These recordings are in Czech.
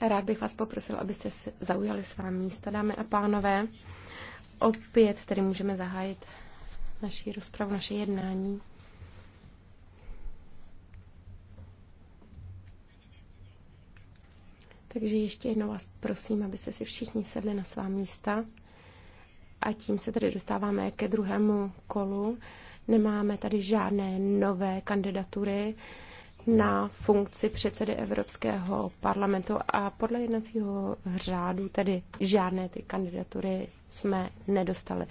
Rád bych vás poprosil, abyste se zaujali svá místa, dámy a pánové. Opět tedy můžeme zahájit naši rozpravu, naše jednání. Takže ještě jednou vás prosím, abyste si všichni sedli na svá místa. A tím se tedy dostáváme ke druhému kolu. Nemáme tady žádné nové kandidatury na funkci předsedy Evropského parlamentu a podle jednacího řádu tedy žádné ty kandidatury jsme nedostali.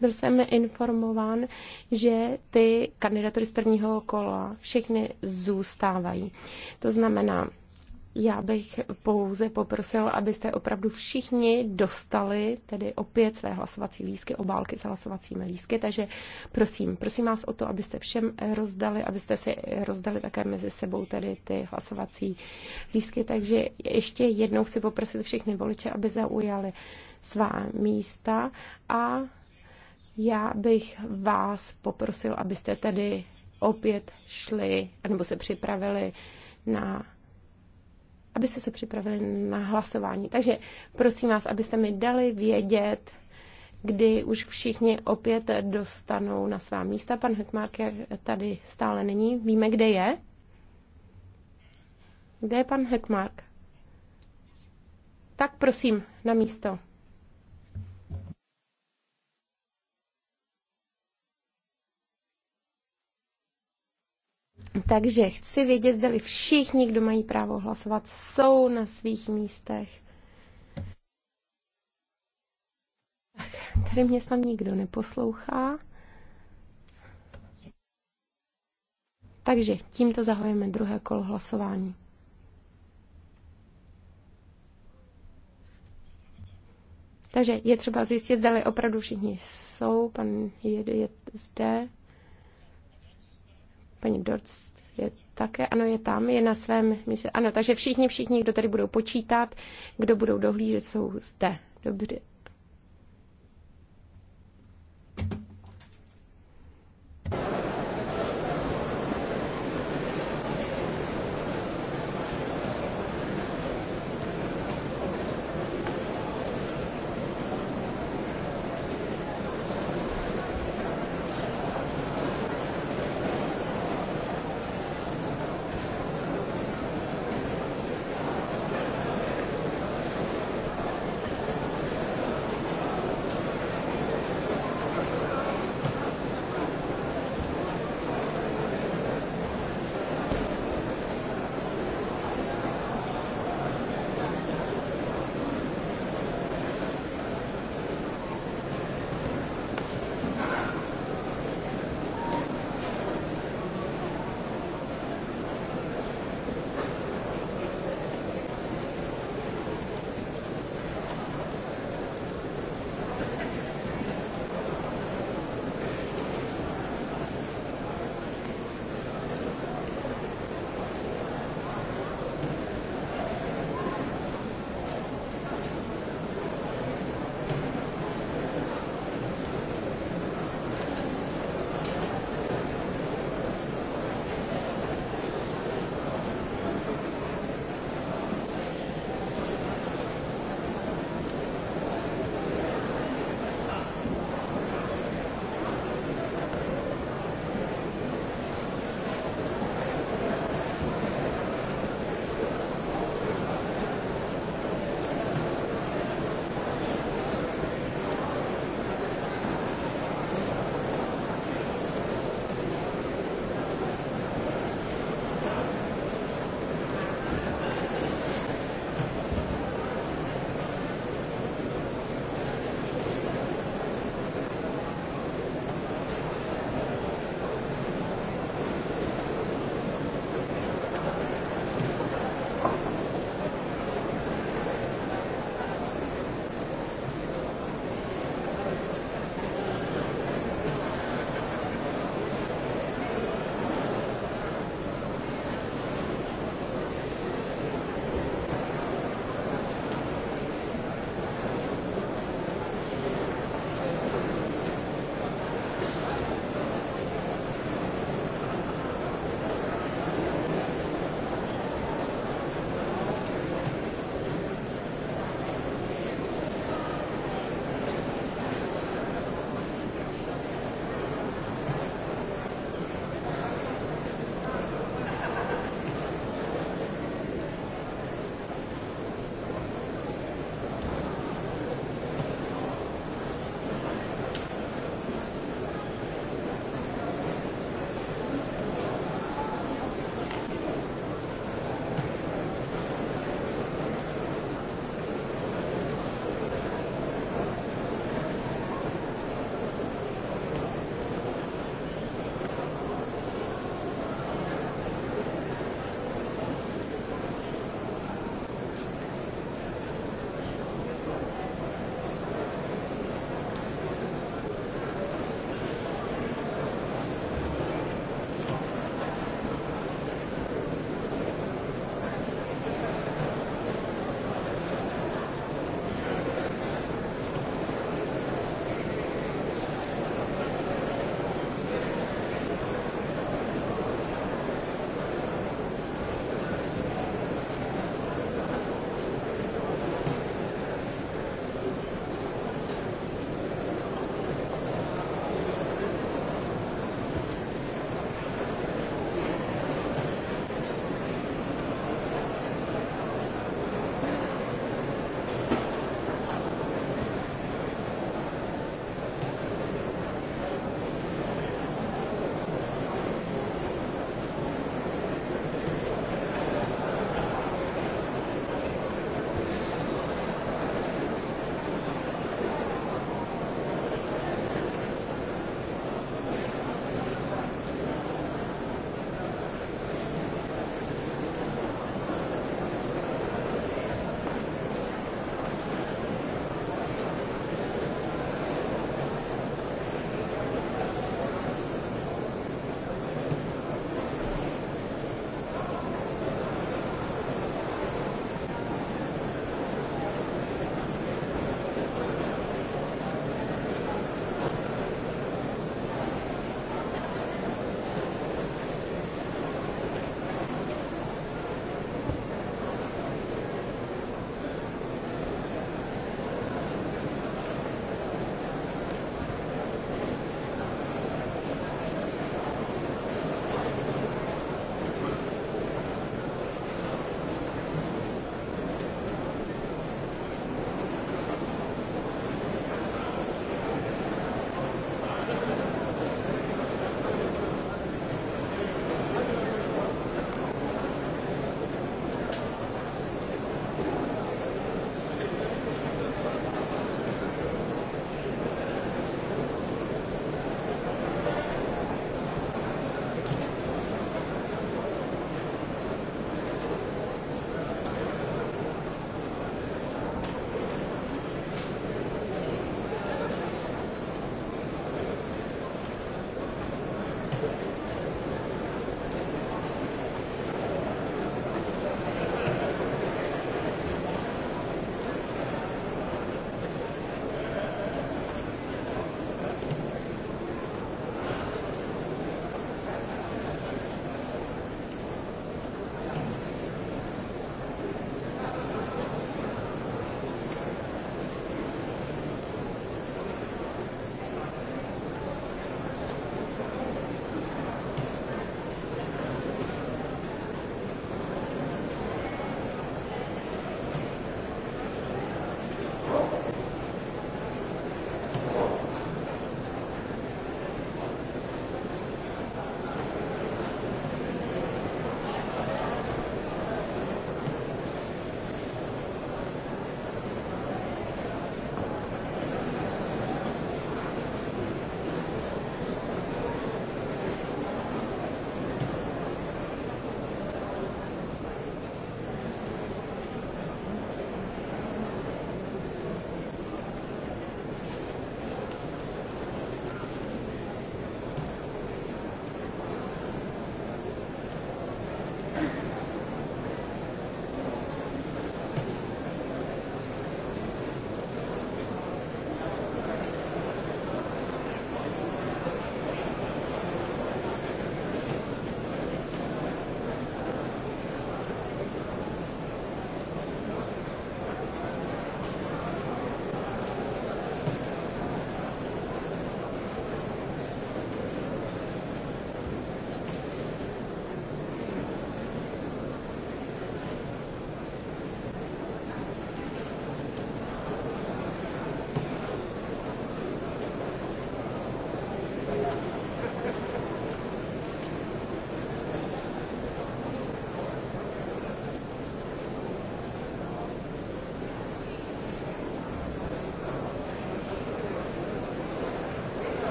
Byl jsem informován, že ty kandidatury z prvního kola všechny zůstávají. To znamená, já bych pouze poprosil, abyste opravdu všichni dostali tedy opět své hlasovací lístky, obálky s hlasovacími lístky, takže prosím, prosím vás o to, abyste všem rozdali, abyste si rozdali také mezi sebou tedy ty hlasovací lístky, takže ještě jednou chci poprosit všechny voliče, aby zaujali svá místa a já bych vás poprosil, abyste tedy opět šli, nebo se připravili na abyste se připravili na hlasování. Takže prosím vás, abyste mi dali vědět, kdy už všichni opět dostanou na svá místa. Pan Hetmark tady stále není. Víme, kde je? Kde je pan Hekmark? Tak prosím, na místo. Takže chci vědět, zda-li všichni, kdo mají právo hlasovat, jsou na svých místech. Tak, tady mě snad nikdo neposlouchá. Takže tímto zahajeme druhé kolo hlasování. Takže je třeba zjistit, zda opravdu všichni jsou. Pan je, je zde. Paní Dorc je také, ano, je tam, je na svém místě. Ano, takže všichni, všichni, kdo tady budou počítat, kdo budou dohlížet, jsou zde. Dobře,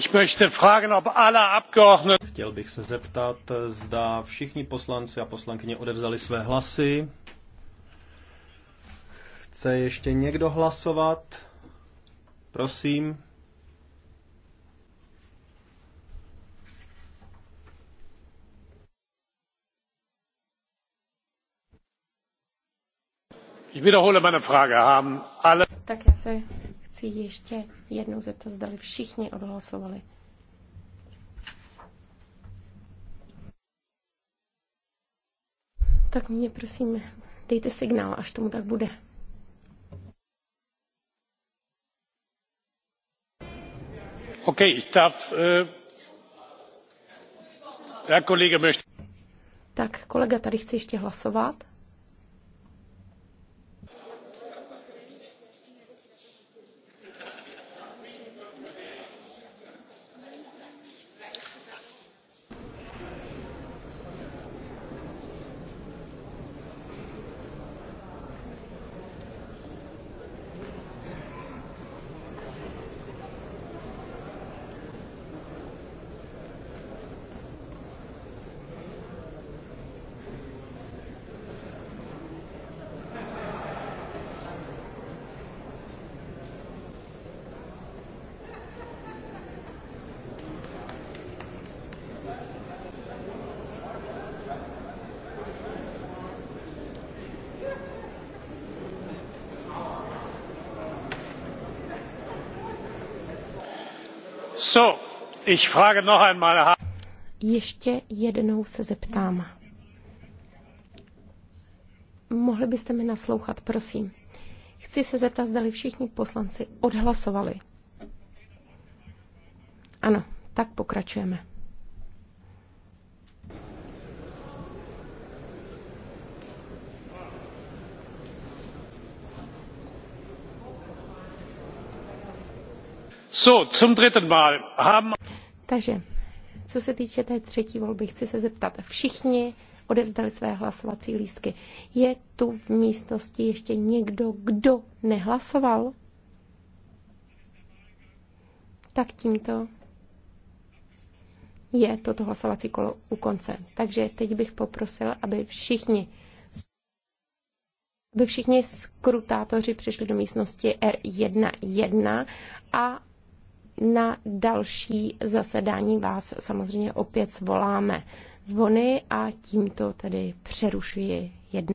Ich Chtěl bych se zeptat, zda všichni poslanci a poslankyně odevzali své hlasy. Chce ještě někdo hlasovat? Prosím. Ich wiederhole meine Frage. Haben alle... Tak já se chci ještě jednou zeptat, zdali všichni odhlasovali. Tak mě prosím, dejte signál, až tomu tak bude. OK, ich darf, äh, der Kollege möchte. Tak, kolega tady chci ještě hlasovat. Ještě jednou se zeptám. Mohli byste mi naslouchat, prosím. Chci se zeptat, zda všichni poslanci odhlasovali. Ano, tak pokračujeme. Takže, co se týče té třetí volby, chci se zeptat. Všichni odevzdali své hlasovací lístky. Je tu v místnosti ještě někdo, kdo nehlasoval? Tak tímto je toto hlasovací kolo u konce. Takže teď bych poprosil, aby všichni aby všichni skrutátoři přišli do místnosti R11 a na další zasedání vás samozřejmě opět zvoláme zvony a tímto tedy přerušuji jednání.